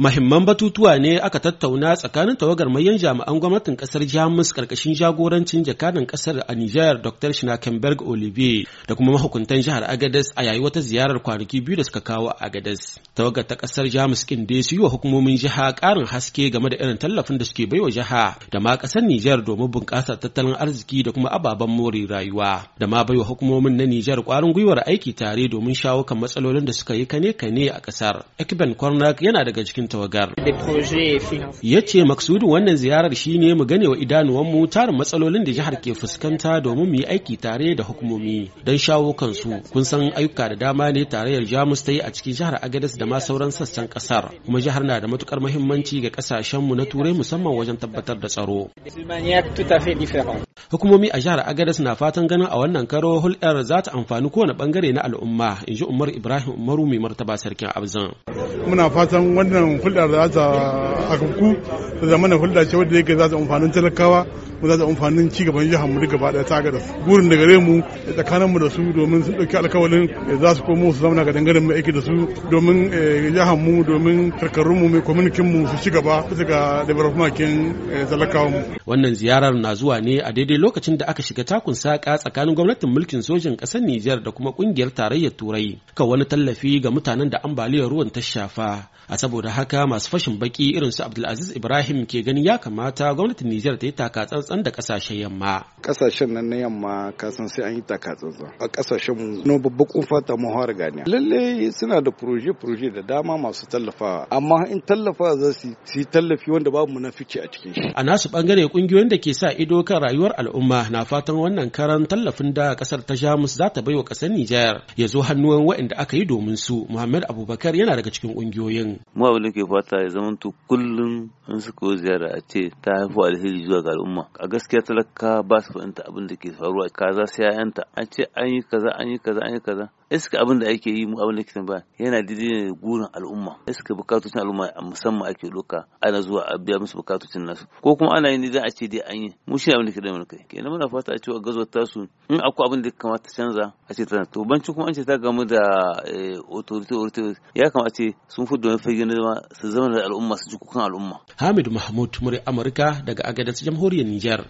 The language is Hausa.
Mahimman batutuwa ne aka tattauna tsakanin tawagar mayan jami'an gwamnatin kasar Jamus karkashin jagorancin jakadan kasar a Nijar Dr. Schnakenberg Olivier da kuma mahukuntan jihar Agadez a yayi wata ziyarar kwanaki biyu da suka kawo Agadez. Tawagar ta kasar Jamus kin dai su yi wa hukumomin jiha karin haske game da irin tallafin da suke baiwa jiha da ma kasar Nijar domin bunƙasa tattalin arziki da kuma ababen more rayuwa da ma baiwa hukumomin na Nijar kwarin gwiwar aiki tare domin shawo kan matsalolin da suka yi kane-kane a kasar. Ekben Kornak yana daga cikin tawagar. Ya ce maksudin wannan ziyarar shi ne mu gane wa idanuwanmu tarin matsalolin da jihar ke fuskanta domin mu yi aiki tare da hukumomi don shawo kansu. Kun san ayyuka da dama ne tarayyar Jamus ta yi a cikin jihar Agadez da ma sauran sassan kasar. Kuma jihar na da matukar muhimmanci ga kasashenmu na Turai musamman wajen tabbatar da tsaro. Hukumomi a jihar Agadez na fatan ganin a wannan karo hulɗar za ta amfani kowane bangare na al'umma, in ji Umar Ibrahim Umaru mai martaba sarkin Abzan. Muna fatan wannan hulɗar za ta akabku da zamanin hulɗa ce wadda yake za ta amfani talakawa mu za ta amfani ci gaban jihar mu gaba ɗaya ta agada Burin da gare mu tsakaninmu da su domin sun ɗauki alkawalin za su komo su zamana ga dangaren mai aiki da su domin eh, jihar mu domin karkarun mu mai kwaminikin mu su ci gaba su ga development kin eh, talakawa mu. Wannan ziyarar na zuwa ne a daidai lokacin da aka shiga takun saƙa tsakanin gwamnatin mulkin sojin ƙasar Nijar da kuma ƙungiyar tarayyar Turai kan wani tallafi ga mutanen da ambaliyar ruwan ta shafa. A saboda haka masu fashin baki irin su Abdulaziz Ibrahim ke gani ya kamata gwamnatin Nijar ta yi taka tsantsan da ƙasashen yamma. Ƙasashen nan na yamma ka san sai an yi taka tsantsan. A ƙasashen mu no babban fata mu har gani. Lalle suna da proje-proje da dama masu tallafawa amma in tallafa za su yi tallafi wanda babu munafici a cikin shi. A nasu bangare kungiyoyin da ke sa ido kan rayuwar al al'umma na fatan wannan karan tallafin da kasar ta Jamus za ta wa kasar Nijar ya zo hannuwan waɗanda aka yi domin su. Muhammad Abubakar yana daga cikin ƙungiyoyin. Mu abin da ke fata ya zama to kullum in suka yi ziyara a ce ta haifu alheri zuwa ga al'umma. A gaskiya talaka ba su fahimta abin da ke faruwa kaza sai 'ya'yanta an ce an yi kaza an yi kaza an yi kaza iska abin da ake yi mu abin da kitan ba yana daidai ne gurin al'umma iska bukatun al'umma musamman ake doka ana zuwa a biya musu bukatun nasu ko kuma ana yin idan a ce dai an yi mu shi abin da kitan mun kai kenan muna fata a cewa gazo ta su in akwai abin da kamata canza a ce tana to banci kuma an ce ta gamu da eh, authority authority ya kamata ce sun fi domin fage na su zama da al'umma su ji kukan al'umma Hamid Mahmud Mure Amurka daga Agadez Jamhuriyar Nijar